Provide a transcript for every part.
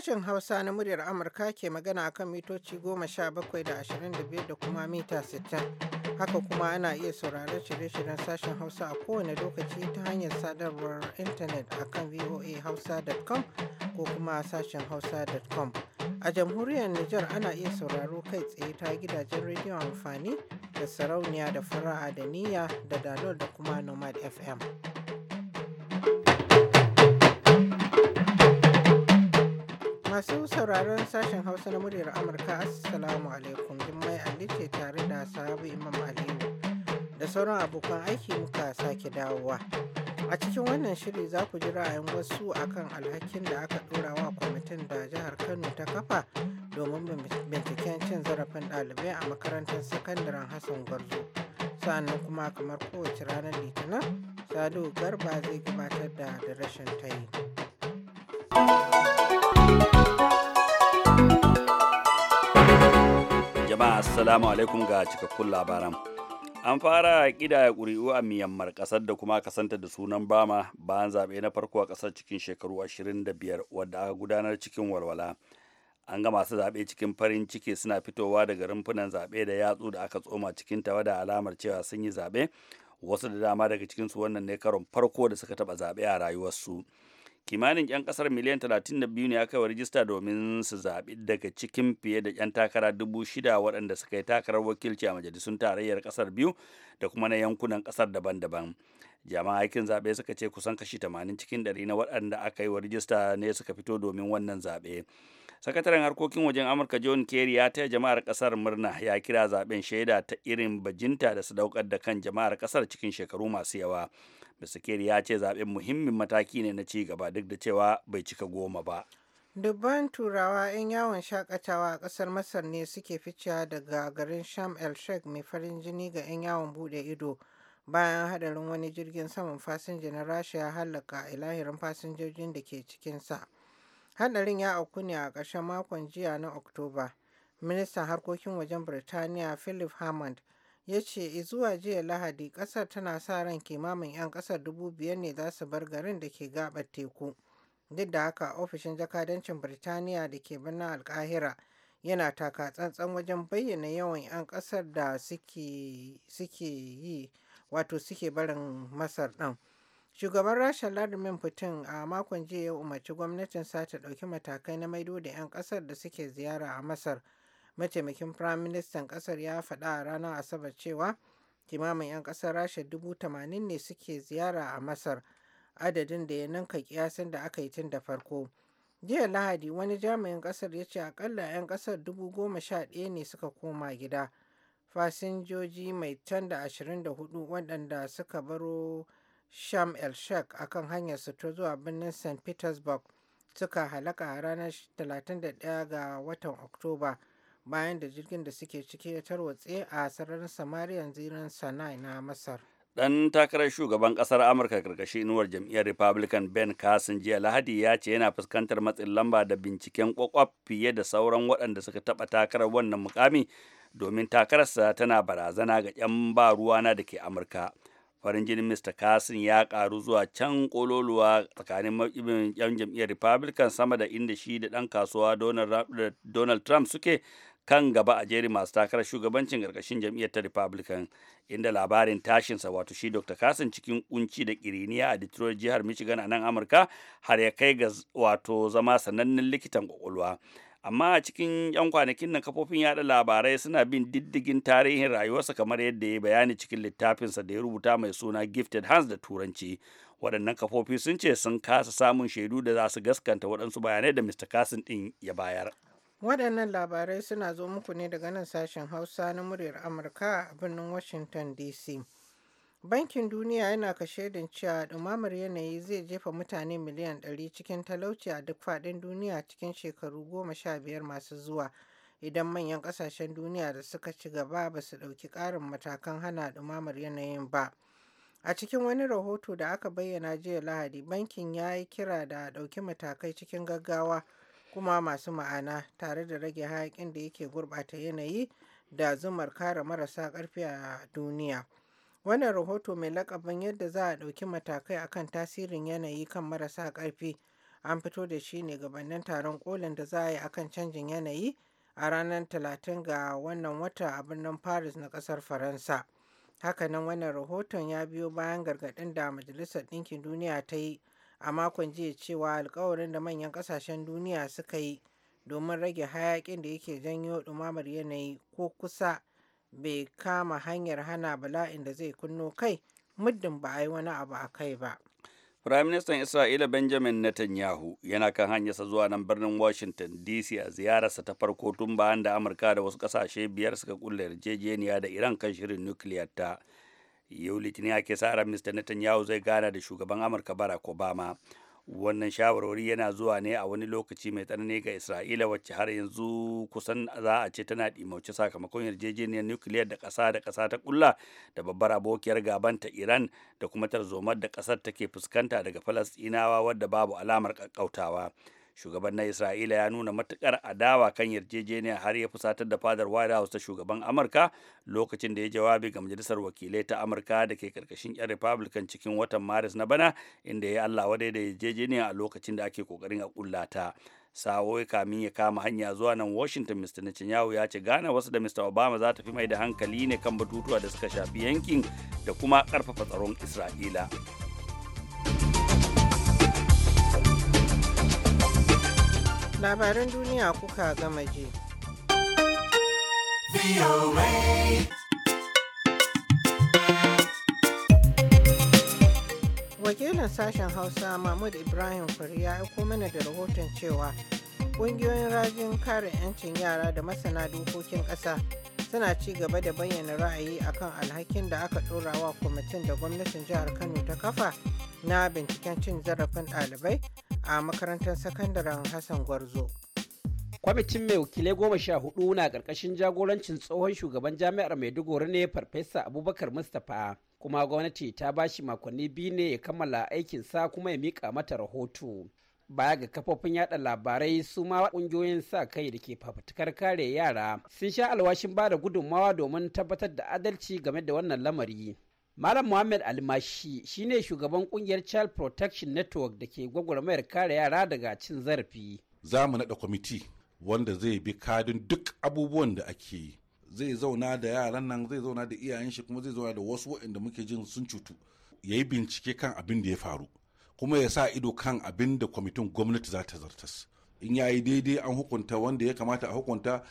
Sashen Hausa na muryar Amurka ke magana kan mitoci goma sha bakwai da ashirin da biyar da kuma mita sittin. Haka kuma ana iya sauraron shirye-shiryen sashen Hausa a kowane lokaci ta hanyar sadarwar intanet a kan voahausa.com ko kuma sashen Hausa.com. A jamhuriyar Nijar ana iya sauraro kai tsaye ta gidajen rediyon amfani da sarauniya da fara'a da niyya da dalol da kuma nomad FM. Masu sauraron sashen Hausa na muryar Amurka Assalamu alaikum Jummai alice ce tare da sahabu Imam Aliyu da sauran abokan aiki muka sake dawowa. A cikin wannan shiri za ku ji ra'ayin wasu akan alhakin da aka ɗora wa kwamitin da jihar Kano ta kafa domin binciken cin zarafin ɗalibai a makarantar sakandaren Hassan Gwarzo. Sa'annan kuma kamar kowace ranar Litinin, salo Garba zai gabatar da da rashin tayi. jama'a assalamu alaikum ga cikakkun labaran an fara kidaya ƙuri'u a miyammar ƙasar da kuma kasanta da sunan bama bayan zaɓe na farko a ƙasar cikin shekaru 25 wadda aka gudanar cikin walwala an ga masu zaɓe cikin farin ciki suna fitowa daga rumfunan zaɓe da yatsu da aka tsoma cikin tawa da alamar cewa sun yi zaɓe wasu da dama daga cikinsu wannan ne karon farko da suka taɓa zaɓe a rayuwarsu. kimanin 'yan kasar miliyan 32 ne aka yi rijista domin su zaɓi daga cikin fiye da 'yan takara dubu waɗanda suka yi takarar wakilci a majalisun tarayyar kasar biyu da kuma na yankunan kasar daban-daban jama'a aikin zaɓe suka ce kusan kashi 80 cikin 100 na waɗanda aka yi wa rijista ne suka fito domin wannan zaɓe sakataren harkokin wajen amurka john kerry ya taya jama'ar kasar murna ya kira zaɓen shaida ta irin bajinta da sadaukar da kan jama'ar kasar cikin shekaru masu yawa Misakiri ya ce zaɓen muhimmin mataki ne na ci gaba duk da cewa bai cika goma ba. Dubban turawa 'yan yawon shakatawa a ƙasar Masar ne suke ficewa daga garin Sham El Sheikh mai farin jini ga 'yan yawon buɗe ido bayan hadarin wani jirgin saman fasinja na Rasha ya halaka ilahirin fasinjojin da ke cikinsa. Hadarin ya auku ne a ƙarshen makon jiya na Oktoba. Ministan harkokin wajen Birtaniya Philip Hammond ya ce zuwa jiya lahadi kasar tana sa ran kimamin 'yan kasar dubu biyar ne za su bar garin da ke gabar teku duk da haka ofishin jakadancin birtaniya da ke birnin alkahira yana taka tsantsan wajen bayyana yawan 'yan kasar da suke yi wato suke barin masar ɗin shugaban rasha ladimin putin a makon jiya ya umarci gwamnatin sa ta ɗauki matakai na maido da 'yan kasar da suke ziyara a masar mataimakin firaministan kasar ya faɗa a ranar asabar cewa kimamin 'yan kasar rasha dubu tamanin ne suke ziyara a masar adadin da ya ninka kiyasin da aka yi tun da farko jiya lahadi wani jami'in kasar ya ce akalla 'yan kasar dubu goma sha ɗaya ne suka koma gida fasinjoji mai can da ashirin da hudu waɗanda suka baro sham el shek akan hanyar su ta zuwa birnin st petersburg suka halaka a ranar 31 ga watan oktoba bayan da jirgin da suke ciki ya tarwatse a sararin samariyan zinan sana'i na masar dan takarar shugaban kasar amurka karkashi inuwar jam'iyyar republican ben carson jiya lahadi ya ce yana fuskantar matsin lamba da binciken kwakwaf fiye da sauran waɗanda suka taɓa takarar wannan mukami domin takararsa tana barazana ga 'yan ba ruwana da ke amurka farin jinin mr carson ya karu zuwa can kololuwa tsakanin yan jam'iyyar republican sama da inda shi da ɗan kasuwa donald trump suke kan gaba a jerin masu takarar shugabancin karkashin jam'iyyar ta republican inda labarin tashinsa wato shi dr kasan cikin kunci da kiriniya a detroit jihar michigan a nan amurka har ya kai ga wato zama sanannen likitan kwakwalwa amma a cikin 'yan kwanakin nan kafofin yada labarai suna bin diddigin tarihin rayuwarsa kamar yadda ya bayani cikin littafinsa da ya rubuta mai suna gifted hands da turanci waɗannan kafofi sun ce sun kasa samun shaidu da za su gaskanta waɗansu bayanai da mr kasin ɗin ya bayar Waɗannan labarai suna zo muku ne daga nan sashen Hausa na muryar Amurka a birnin Washington DC. Bankin Duniya yana kashe din cewa ɗumamar yanayi zai jefa mutane miliyan 100 cikin talauci a duk faɗin duniya cikin shekaru goma sha biyar masu zuwa idan manyan ƙasashen duniya da suka ci gaba ba su ɗauki ƙarin matakan hana ɗumamar yanayin ba. A cikin wani rahoto da aka bayyana jiya Lahadi, bankin ya yi kira da ɗauki matakai cikin gaggawa kuma masu ma'ana tare da rage hayakin da yake gurɓata yanayi da zumar kare marasa ƙarfi a duniya. Wannan rahoto mai lakabin yadda za a ɗauki matakai akan tasirin yanayi kan marasa ƙarfi an fito da shi ne gabanin taron kolin da za a yi akan canjin yanayi a ranar 30 ga wannan wata a birnin Paris na ƙasar Faransa. Hakanan wannan rahoton ya biyo bayan gargaɗin da Majalisar Ɗinkin Duniya ta yi a makon jiya cewa alkawarin da manyan kasashen duniya suka yi domin rage hayakin da yake janyo dumamar yanayi ko kusa bai kama hanyar hana bala'in da zai kunno kai muddin ba a yi wani abu a kai ba. firayim Ministan Isra'ila Benjamin Netanyahu yana kan hanyarsa zuwa nan birnin Washington DC a ziyararsa ta farko tun bayan da Amurka da wasu kasashe biyar suka kulle yarjejeniya da Iran kan shirin nukiliyar ta. yau litinin ake sa ran mr netanyahu zai gana da shugaban amurka barack obama wannan shawarwari yana zuwa ne a wani lokaci mai tsanani ga isra'ila wacce har yanzu kusan za a ce tana ɗimauce sakamakon yarjejeniyar nukiliyar da ƙasa da ƙasa ta ƙulla da babbar abokiyar gaban ta iran da kuma tarzomar da ƙasar take fuskanta daga falasɗinawa wadda babu alamar ƙaƙƙautawa shugaban na isra'ila ya nuna matukar adawa kan yarjejeniya har ya fusatar da fadar white house ta shugaban amurka lokacin da ya jawabi ga majalisar wakilai ta amurka da ke karkashin yan republican cikin watan maris na bana inda ya allah wadai da yarjejeniya a lokacin da ake kokarin a ta sa'o'i kamin ya kama hanya zuwa nan washington mr netanyahu ya ce gane wasu da mr obama za ta fi mai da hankali ne kan batutuwa da suka shafi yankin da kuma karfafa tsaron isra'ila labaran duniya kuka gama je. wakilin sashen hausa mahmud ibrahim fari ya aiko mana da rahoton cewa ƙungiyoyin rajin kare 'yancin yara da masana dokokin ƙasa suna ci gaba da bayyana ra'ayi akan alhakin da aka ɗora wa kwamitin da gwamnatin jihar kano ta kafa na binciken cin zarafin ɗalibai a makarantar sakandaren Hassan Gwarzo. kwamitin mai wakilai goma sha hudu na ƙarƙashin jagorancin tsohon shugaban jami'ar maiduguri ne farfesa abubakar mustapha kuma gwamnati ta ba shi makonni biyu ne ya kammala aikinsa kuma ya mika mata rahoto baya ga kafofin yada labarai su ma kungiyoyin sa kai da ke fafutukar kare yara sun sha alwashin ba da gudunmawa domin tabbatar da adalci game da wannan lamari Malam Muhammad Almashi ne shugaban kungiyar Child Protection Network da ke gwagwarmayar kare yara daga cin zarafi. Za mu naɗa kwamiti wanda zai bi kadin duk abubuwan da ake yi. Zai zauna da yaran nan zai zauna da iyayen shi kuma zai zauna da wasu waɗanda muke jin sun cutu. Ya yi bincike kan abin da ya faru kuma ya sa ido kan abin da kwamitin gwamnati za ta zartas. In ya yi daidai an hukunta wanda ya kamata a hukunta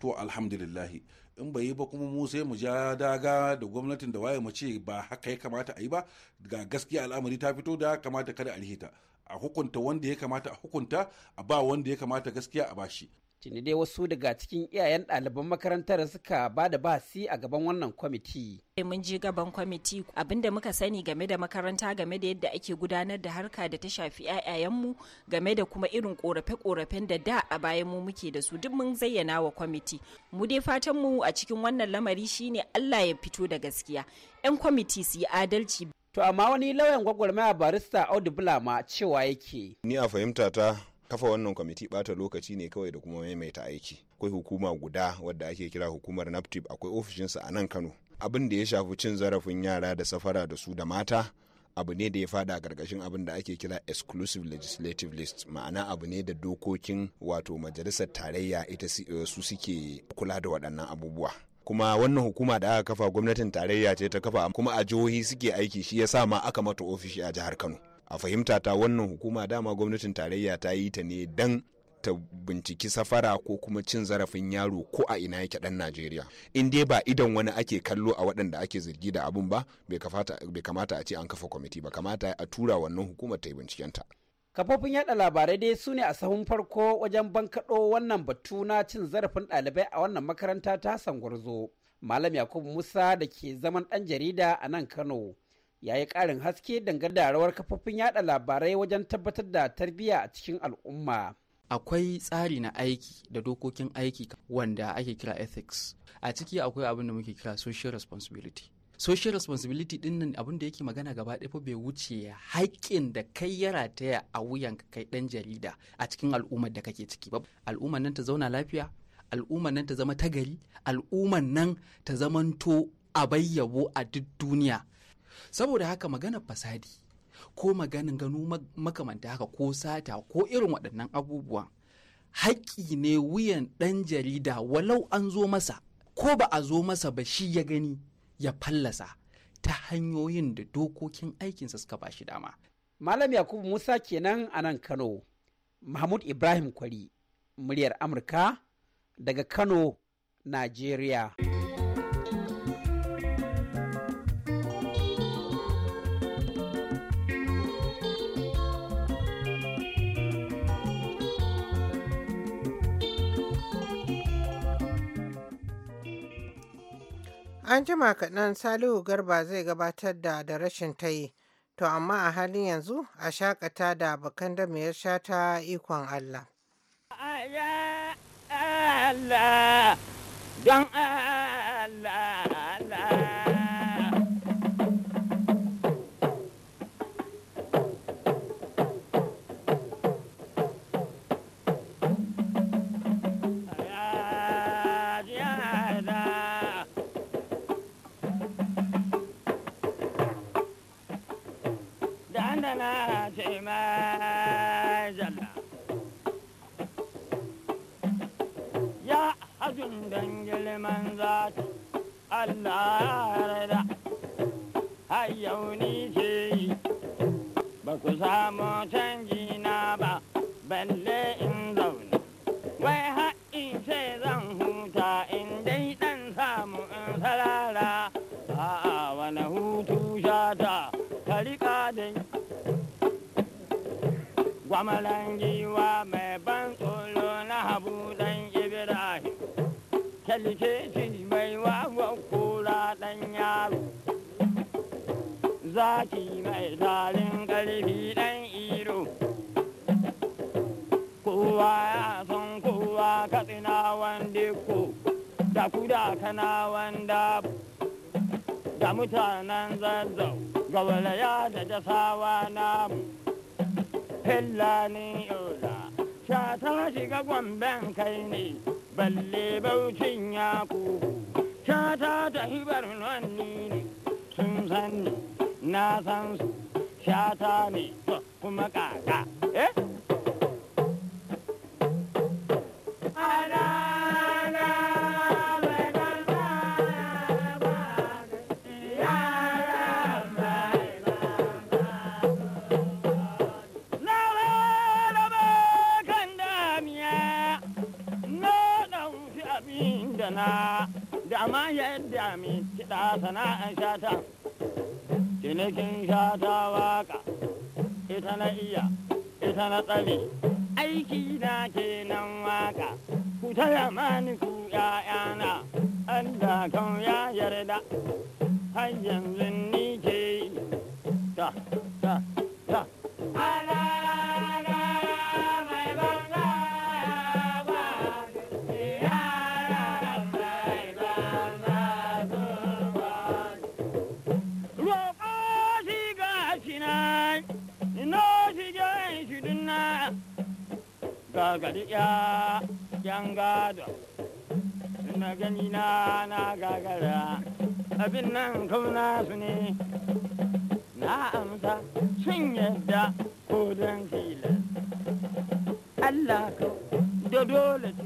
to alhamdulillahi in bai yi ba kuma mu sai mu ja daga da gwamnatin da waye mu ce ba haka ya kamata a yi ba ga gaskiya al'amari ta fito da kamata kada a rihita a hukunta wanda ya kamata a hukunta a ba wanda ya kamata gaskiya a bashi tuni dai wasu daga cikin iyayen ɗaliban makarantar suka ba da basi a gaban wannan kwamiti. mun je gaban kwamiti abinda muka sani game da makaranta game da yadda ake gudanar da harka da ta shafi 'ya'yayenmu game da kuma irin korafe-korafen da da a bayan mu muke da su duk mun zayyana wa kwamiti mu dai fatan mu a cikin wannan lamari shine allah ya fito da gaskiya 'yan kwamiti su yi adalci to amma wani lauyan gwagwarmaya barista audu bulama cewa yake ni a fahimta ta kafa wannan kwamiti bata lokaci ne kawai da kuma maimaita aiki akwai hukuma guda wadda ake kira hukumar naptip akwai ofishinsa a nan kano abin da ya shafi cin zarafin yara da safara da su da mata abu ne da ya fada a ƙarƙashin abin da ake kira exclusive legislative list ma'ana abu ne da dokokin wato majalisar tarayya ita eh, su suke kula da waɗannan abubuwa kuma wannan hukuma da aka kafa gwamnatin tarayya ce ta kafa kuma a jihohi suke aiki shi ya sa ma aka mata ofishi a jihar kano a fahimta ta wannan hukuma dama gwamnatin tarayya ta yi ta ne dan ta binciki safara ko kuma cin zarafin yaro ko a ina yake dan najeriya in dai ba idan wani ake kallo a waɗanda ake zargi da abun ba bai kamata a ce an kafa kwamiti ba kamata a tura wannan hukumar ta yi bincikenta kafofin yaɗa labarai dai su ne a sahun farko wajen bankaɗo wannan batu na cin zarafin ɗalibai a wannan makaranta ta hassan malam yakubu musa da ke zaman ɗan jarida a nan kano ya yi ƙarin haske dangane da rawar kafofin yada labarai wajen tabbatar da tarbiyya a cikin al'umma. Akwai tsari na aiki da dokokin aiki wanda ake kira ethics. A ciki akwai abin da muke kira social responsibility. social responsibility din nan abin da yake magana gaba ɗaya fa bai wuce haƙƙin da kai ya rataya a wuyan kai ɗan jarida a cikin al'ummar da kake ciki ba al'ummar nan ta zauna lafiya al'ummar nan ta zama tagari al'ummar nan ta zamanto a bayyabo a duk duniya saboda haka maganar fasadi ko maganin gano makamanta haka ko sata ko irin waɗannan abubuwa haƙƙi ne wuyan ɗan jarida walau an zo masa ko ba a zo masa ba shi ya gani ya fallasa ta hanyoyin da dokokin aikinsa suka ba shi dama. Malam Yakubu Musa kenan a nan Kano, Mahmud Ibrahim Kwari, muryar Amurka daga Kano, Najeriya. An jima kaɗan Salihu Garba zai gabatar da da rashin ta yi, to amma a halin yanzu a shakata da bakan da mai ta ikon Allah, don Allah. magana ya hajjun don girman zata Allah ya rada hayauni ce ba ku samu canji na ba Amalan giwa mai ban tsoro na habu dan ibrahim kyalkeci mai wawan kura dan yaro zaki mai tarin karfi dan iro kowa ya san kowa katsina wanda ko da kuda kana wanda da mutanen zazzau ya da jasawa namu hillani yola sha ta shiga gwamben kai ne balle baucin ya shata sha ta hibar barnonni ne sun san na san su sha ta ne kuma kaka ita iya ita na tsare aiki na kenan waka ku taya mani ku ƴaƴana da kan ya yarda har yanzu ni ke ta ya yan gado na gani na na gagara abin nan kauna su ne na amsa sun yadda ko don tilas Allah ka da dole ce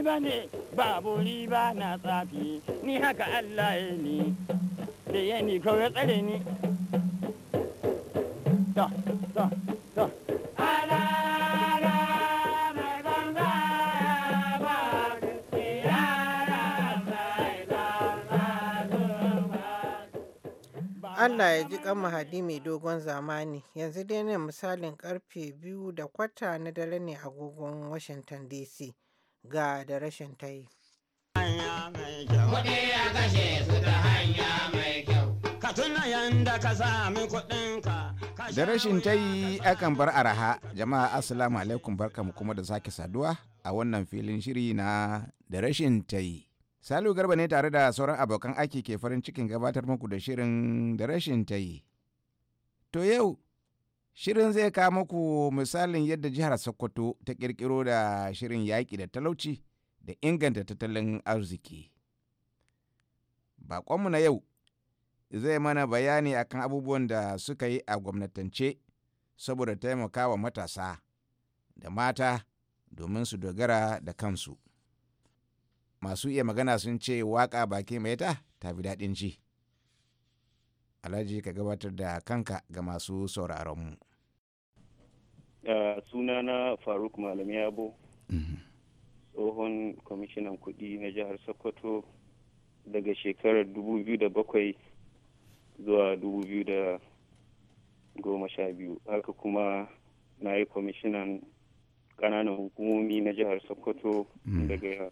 komai ba ne ba bori na tsafi ni haka Allah ya ni da ya ni kawai tsare ni Allah ya ji kan mahadi mai dogon zamani yanzu dai ne misalin karfe biyu da kwata na dare ne a agogon Washington DC. ga da rashin ta yi. Da rashin ta yi akan bar araha. Jama'a Assalamu alaikum barkamu kuma da sake saduwa a wannan filin shiri na da rashin ta yi. Salu Garba ne tare da sauran abokan aiki ke farin cikin gabatar muku da shirin da rashin ta yi. To yau Shirin zai kawo muku misalin yadda jihar Sokoto ta ƙirƙiro da shirin yaƙi da talauci da inganta tattalin arziki. Baƙonmu na yau zai mana bayani akan abubuwan da suka yi a gwamnatance saboda taimakawa matasa da mata domin su dogara da kansu. Masu iya magana sun ce waƙa baki mai ta tafi daɗin ji. Alhaji ka gabatar da kanka ga masu sauraronmu. mu. Eh, suna na faruk malam yabo mhm. tsohon kwamishinan kudi na jihar sokoto daga shekarar 2007 zuwa 2012 haka kuma na yi kwamishinan kananan hukumomi na jihar sokoto mhm. daga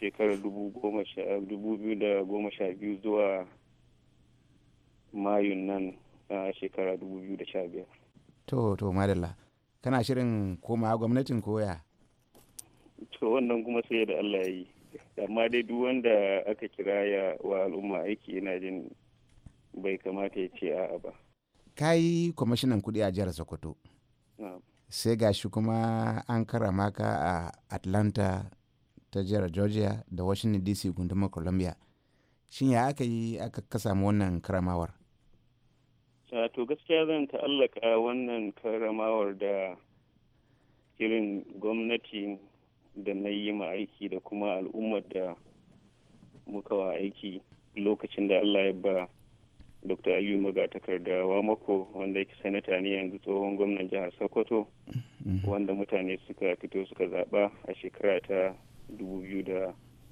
shekarar 2012 zuwa mayun nan a shekara 2015 to to madalla tana shirin komawa gwamnatin koya to wannan kuma sai da allah ya yi amma dai duk wanda aka kira ya wa al'umma aiki yana jin bai kamata ya ce a'a ba ka yi kwamishinan kuɗi a jihar sokoto sai gashi kuma an kara maka a atlanta ta jihar georgia da washington dc gundumar columbia shin ya aka yi aka samu wannan karamawar Uh, to gaskiya zan ta'allaka wannan karamawar da irin gwamnati da na yi ma aiki da kuma al'ummar da muka wa aiki lokacin da allah ya ba dr ayu magatakarda wa mako wanda yake sanata ne yanzu tsohon gwamnan jihar sokoto mm-hmm. wanda mutane suka fito suka zaɓa a shekara ta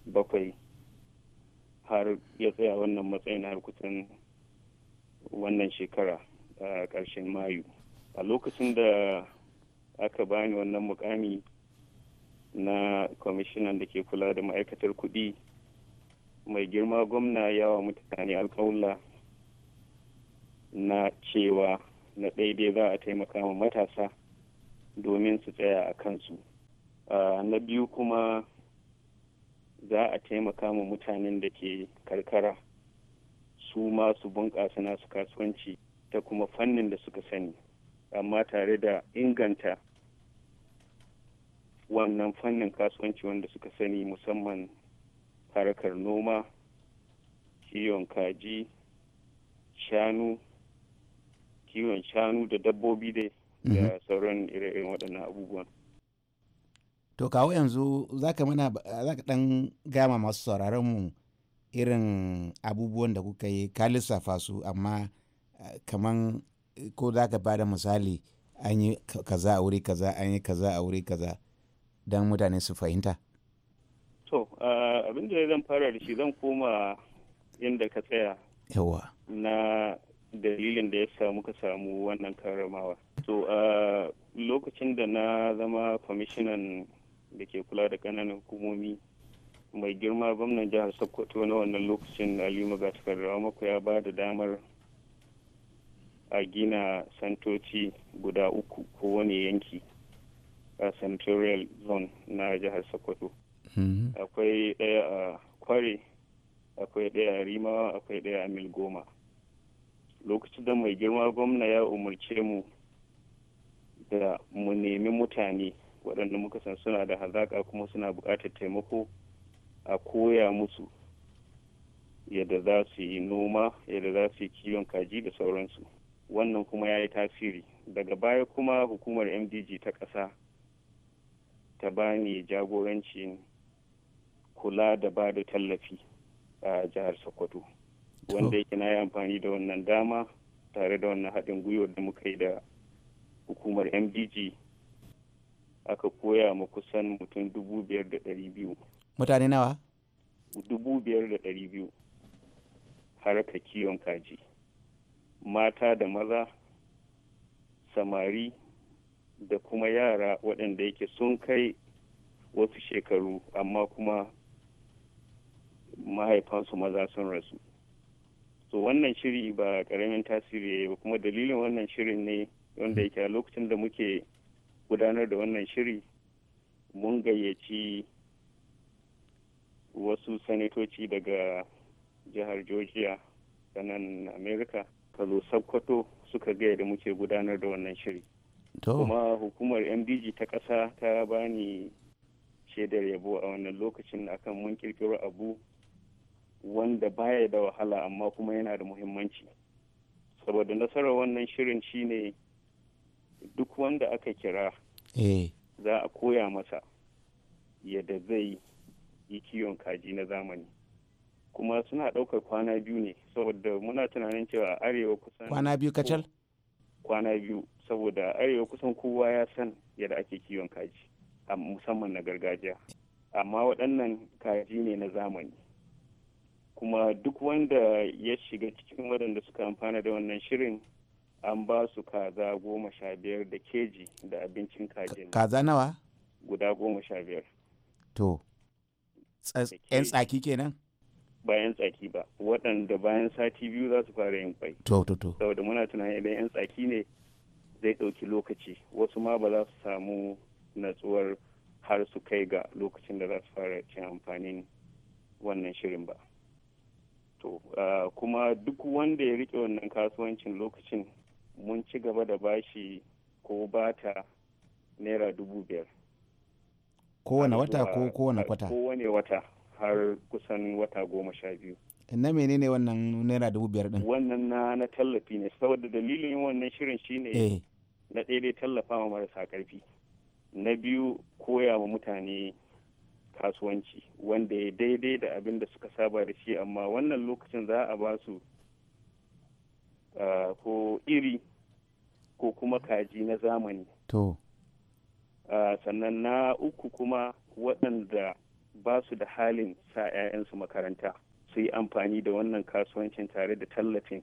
bakwai har ya tsaya wannan matsayin har kusan wannan shekara a ƙarshen mayu a lokacin da aka bani wannan mukami na kwamishinan da ke kula da ma'aikatar kuɗi mai girma gwamna yawa mutane alƙawula na cewa na daidai za a taimaka ma matasa domin su tsaya a kansu na biyu kuma za a taimaka ma mutanen da ke karkara su ma su bunƙasa nasu kasuwanci ta kuma fannin da suka sani amma tare da inganta wannan fannin kasuwanci wanda suka sani musamman harkar noma kiwon kaji shanu kiwon shanu da dabbobi dai da mhm. sauran ire-iren waɗannan abubuwan to kawo yanzu za ka mana za ka ɗan gama masu sauraron mu irin abubuwan da kuka yi ka lissafa su amma eh, kaman eh, ko za ka bada misali an yi kaza a wuri kaza an yi kaza a wuri kaza don mutane su fahimta to eh, abin da zan fara da shi zan koma inda ka tsaya yawa na dalilin da ya samu ka samu wannan karamawa to lokacin da na zama kwamishinan da ke kula da kananan hukumomi mai girma gwamnan jihar sokoto na wannan lokacin aliyu magatakar mako ya ba da damar a gina santoci guda uku ko wani yanki a centurial zone na jihar sokoto mm-hmm. akwai ɗaya a kware akwai ɗaya a rimawa akwai ɗaya a mil goma lokacin da mai girma gwamna ya umarce mu da mu nemi mutane waɗanda muka san suna da hazaƙa kuma suna buƙatar taimako a koya musu yadda za su yi noma yadda za su yi kiwon kaji da sauransu wannan kuma ya yi tasiri daga baya kuma hukumar mdg ta ƙasa ta bani jagorancin kula da ba da tallafi a jihar sokoto wanda yake na yi amfani da wannan dama tare da wannan haɗin gwiwar da muka yi da hukumar mdg aka koya ma kusan mutum dubu biyar da ɗari biyu mutane nawa dubu biyar da ɗari biyu haraka kiwon kaji mata da maza samari da kuma yara waɗanda yake sun kai wasu shekaru amma kuma mahaifansu maza sun rasu so wannan shiri ba ƙaramin tasiri ya yi ba kuma dalilin wannan shirin ne wanda yake a lokacin da muke gudanar da wannan shiri mun gayyaci wasu sanatoci daga jihar georgia ta nan america ka zo sakkwato suka gaya da muke gudanar da wannan shiri kuma hukumar mdg ta ƙasa ta bani shaidar yabo a wannan lokacin akan mun kirkiro abu wanda baya da wahala amma kuma yana da muhimmanci saboda nasarar wannan shirin shine duk wanda aka kira eh. za a koya masa yadda zai yi kiwon kaji na zamani kuma suna ɗaukar kwana biyu ne saboda muna tunanin cewa arewa kusan kwana biyu kacal kwana biyu saboda arewa kusan kowa ya san yadda ake kiwon kaji a musamman na gargajiya amma waɗannan kaji ne na zamani kuma duk wanda ya shiga cikin waɗanda suka amfana da wannan shirin an ba su kaza goma sha biyar da keji da abincin kajin kaza nawa guda goma sha biyar to 'yan tsaki kenan bayan tsaki ba waɗanda bayan sati biyu za su fara yin kwai to to to saboda muna tunanin idan 'yan tsaki ne zai ɗauki lokaci wasu ma ba za su samu natsuwar har su kai ga lokacin da za su fara cin amfanin wannan shirin ba to kuma duk wanda ya rike wannan kasuwancin lokacin mun ci gaba da bashi ko bata naira dubu biyar kowane wata ko kowane kwata kowane wata har kusan wata goma sha biyu na menene wannan naira dubu biyar din wannan na na tallafi ne saboda dalilin wannan shirin shine eh. na ɗaya dai tallafa ma marasa ƙarfi na biyu koya ma mutane kasuwanci wanda ya daidai da abin da suka saba da shi amma wannan lokacin za a ba su ah, ko iri ko kuma kaji na zamani to sannan na uku kuma waɗanda ba su da halin sa 'ya'yansu makaranta su yi amfani da wannan kasuwancin tare da tallafin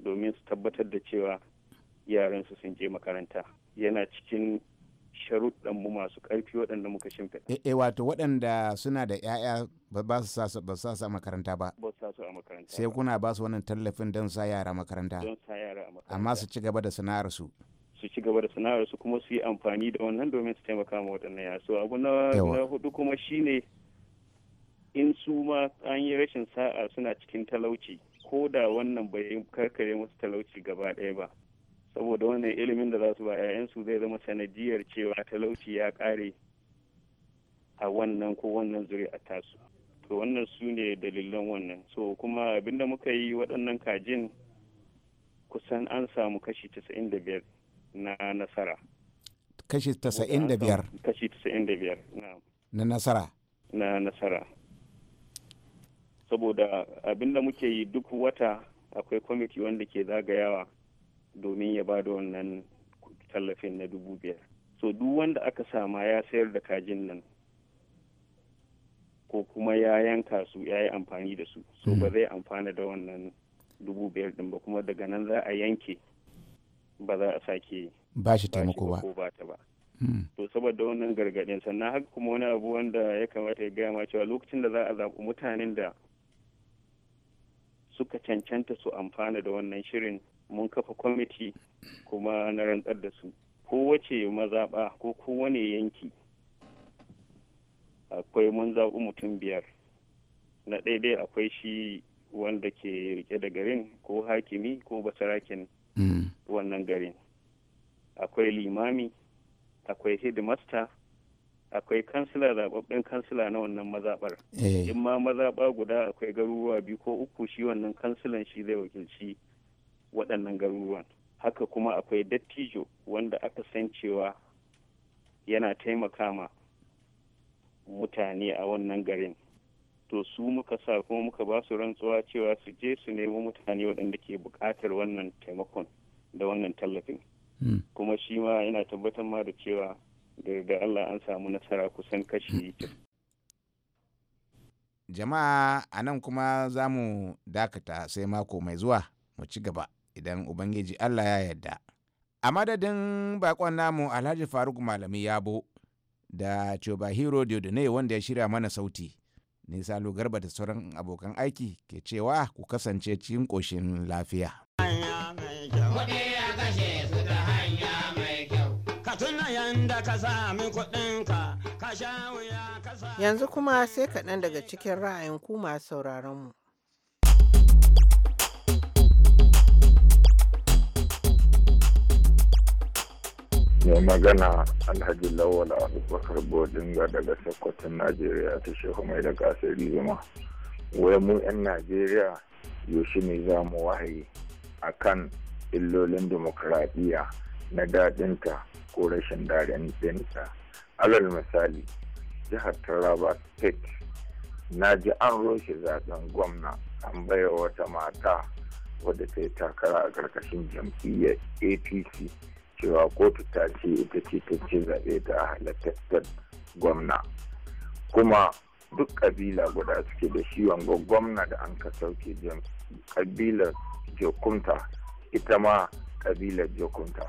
domin su tabbatar da cewa yaransu sun je makaranta yana cikin sharuɗanmu masu ƙarfi waɗanda muka shimfiɗa. E, wato waɗanda suna da 'ya'ya ba su sa su a makaranta ba. Ba su a makaranta. Sai kuna ba su wannan tallafin don sa yara makaranta. Don sa yara a makaranta. Amma su ci gaba da sana'ar su. su ci gaba da sana'ar su kuma su yi amfani da wannan domin su taimaka ma waɗannan ya so abu na hudu kuma shine in su ma an yi rashin sa'a suna cikin talauci ko da wannan bai karkare musu talauci gaba ɗaya ba saboda wannan ilimin da za su ba 'ya'yansu zai zama sanadiyar cewa talauci ya ƙare a wannan ko wannan zuri'a tasu to wannan su ne dalilan wannan so kuma abinda muka yi waɗannan kajin kusan an samu kashi 95 na nasara kashi 95 kashi 95 na nasara na nasara saboda abinda muke yi duk wata akwai kwamiti wanda ke zagayawa domin ya ba da wannan tallafin na dubu biyar so duk wanda aka sama ya sayar da kajin nan ko kuma ya yanka su ya yi amfani da su so ba mm. zai amfana da wannan dubu biyar din ba kuma daga nan za a yanke ba za a sake ba shi taimako ba hmm. to saboda wannan gargaɗin sannan haka kuma wani abu wanda ya kamata ya gaya ma cewa lokacin da za a zaɓi mutanen da suka cancanta su amfana da wannan shirin mun kafa kwamiti kuma na rantsar da su kowace mazaɓa ko kowane yanki akwai mun zaɓi mutum biyar na ɗaya akwai shi wanda ke rike da garin ko hakimi ko basarakin wannan garin akwai limami akwai hidimasta akwai kansila zaɓaɓɓen kansila na wannan mazaɓar eh. in ma mazaɓa guda akwai garuruwa biyu ko uku shi wannan kansilan shi zai wakilci waɗannan garuruwan haka kuma akwai dattijo wanda aka san cewa yana taimaka ma mutane a wannan garin to su muka sa kuma muka ba su rantsuwa cewa su je su nemo mutane waɗanda ke buƙatar wannan taimakon da wannan tallafin hmm. kuma shi ma yana tabbatar ma da cewa daga Allah an samu nasara kusan kashi hmm. jama'a a nan kuma za mu dakata sai mako mai zuwa mu ci gaba idan ubangiji Allah ya yarda a madadin bakon namu alhaji faruk malami yabo da Chobahiro Diodone wanda ya shirya mana sauti. Nisa Garba da sauran abokan aiki ke cewa ku kasance cikin ƙoshin lafiya. kuɗi a kashe su ta hanya mai kyau. Ka tuna yanda ka sami kuɗinka, ka sha wuya ka sami. Yanzu kuma sai kaɗan daga cikin ra'ayin ku masu sauraron mu. mai magana alhaji Lawal lawala abubakar bodinga daga sokoton najeriya ta shehu mai da kasar zuma wai mu 'yan najeriya yaushe ne za mu wahayi a kan illolin demokuraɗiyya na daɗinta ko rashin daɗinta alal misali jihar taraba state na ji an roshe zaben gwamna an baya wata mata wadda ta yi takara a ƙarƙashin jam'iyyar apc cewa kotu ta ce ita ce ta ce zaɓe ta halittattar gwamna kuma duk ƙabila guda suke da shi wanga gwamna da an ka sauke ƙabilar jokunta ita ma kabilar jokunta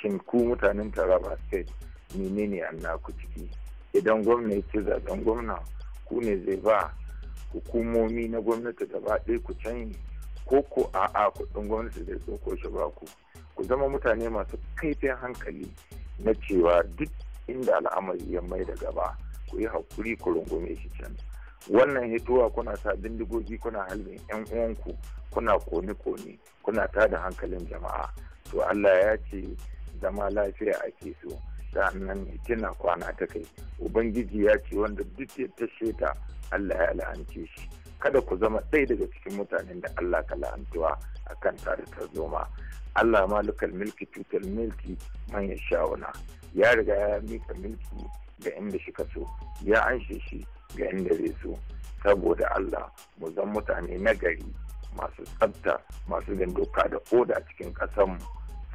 shin ku mutanen taraba state menene an naku ciki idan gwamna ya ce zaben gwamna ku ne zai ba hukumomi na gwamnati gaba ɗaya ku canyi ko ko a'a kuɗin gwamnati zai ko shi ba ku ku zama mutane masu kaifin hankali na cewa duk inda al'amari ya mai da gaba ku yi haƙuri ku rungume shi can wannan hituwa kuna sa bindigogi kuna halin yan uwanku kuna kone koni kuna tada hankalin jama'a to allah ya ce zama lafiya ake so sannan tana kwana ta kai ubangiji ya ce wanda duk ya tashe ta allah ya la'ance shi kada ku zama ɗaya daga cikin mutanen da allah ka la'antuwa a kan tare zoma allah malukal milki tutar milki man sha'una ya riga ya mika milki ga inda shi ka so ya anshe shi ga inda zai so saboda Allah mu zan mutane nagari masu tsabta masu bin doka da oda cikin ƙasanmu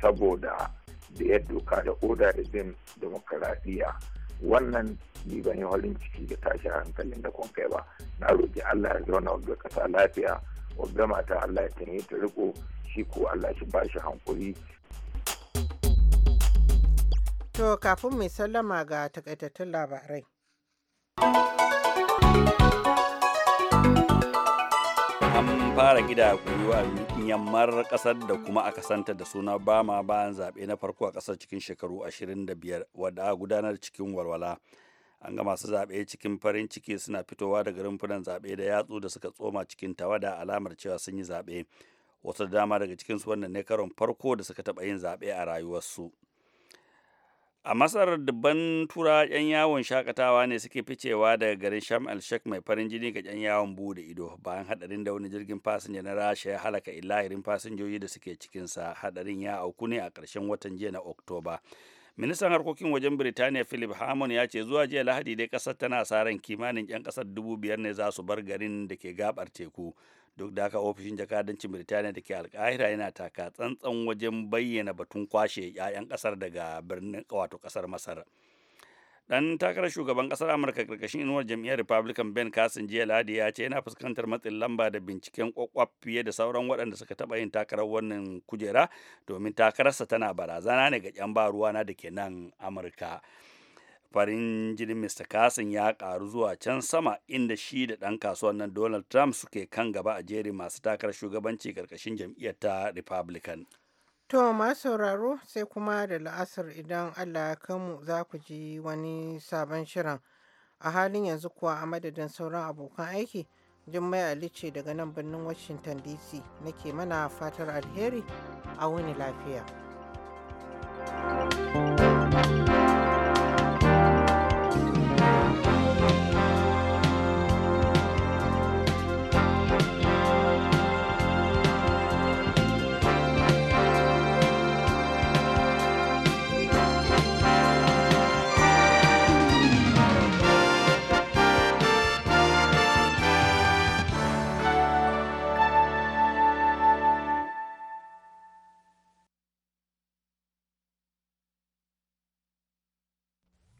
saboda da ya doka da oda da bin demokaradiyya wannan ni ban yi halin ciki da tashi hankalin da kun kai ba na roƙi Allah ya zauna wa ƙasa lafiya wa mata Allah ya tanye ta riko shi ko Allah shi ba shi hankuri to kafin mai sallama ga takaitattun labarai an fara gida koyo a yammar kasar da kuma a kasanta da suna bama bayan zaɓe na farko a kasar cikin shekaru 25 wadda a gudanar cikin walwala an ga masu zaɓe cikin farin ciki suna fitowa daga rumfunan zaɓe da yatsu da suka tsoma cikin tawada alamar cewa sun yi zaɓe wasu dama daga cikinsu wannan ne karon farko da suka taɓa yin zaɓe a rayuwarsu. a masar dubban tura 'yan yawon shakatawa ne suke ficewa daga garin sham al shek mai farin jini ga 'yan yawon bude ido bayan hadarin da wani jirgin fasinja na rasha ya halaka ilahirin fasinjoji da suke cikinsa hadarin ya auku ne a ƙarshen watan jiya na oktoba ministan harkokin wajen birtaniya philip hammond ya ce zuwa jiya lahadi dai kasar tana sa ran kimanin 'yan kasar dubu biyar ne za su bar garin da ke gabar teku duk da haka ofishin jakadancin birtaniya da ke alkahira yana taka tsantsan wajen bayyana batun kwashe 'ya'yan kasar daga birnin wato kasar masar dan takarar shugaban kasar amurka karkashin inuwar jam'iyyar republican ben carson jiya ladi ya ce yana fuskantar matsin lamba da binciken kwakwaf fiye da sauran waɗanda suka taɓa yin takarar wannan kujera domin takararsa tana barazana ne ga 'yan baruwana da ke nan amurka farin jinin mr carson ya karu zuwa can sama inda shi da ɗan kasuwan nan donald trump suke kan gaba a jerin masu takarar shugabanci karkashin jam'iyyar ta republican to masu sauraro sai kuma da la'asar idan allah ya za ku ji wani sabon shirin a halin yanzu kuwa a madadin sauran abokan aiki jummai ali ce daga nan birnin washington dc nake mana fatar alheri a wani lafiya thank you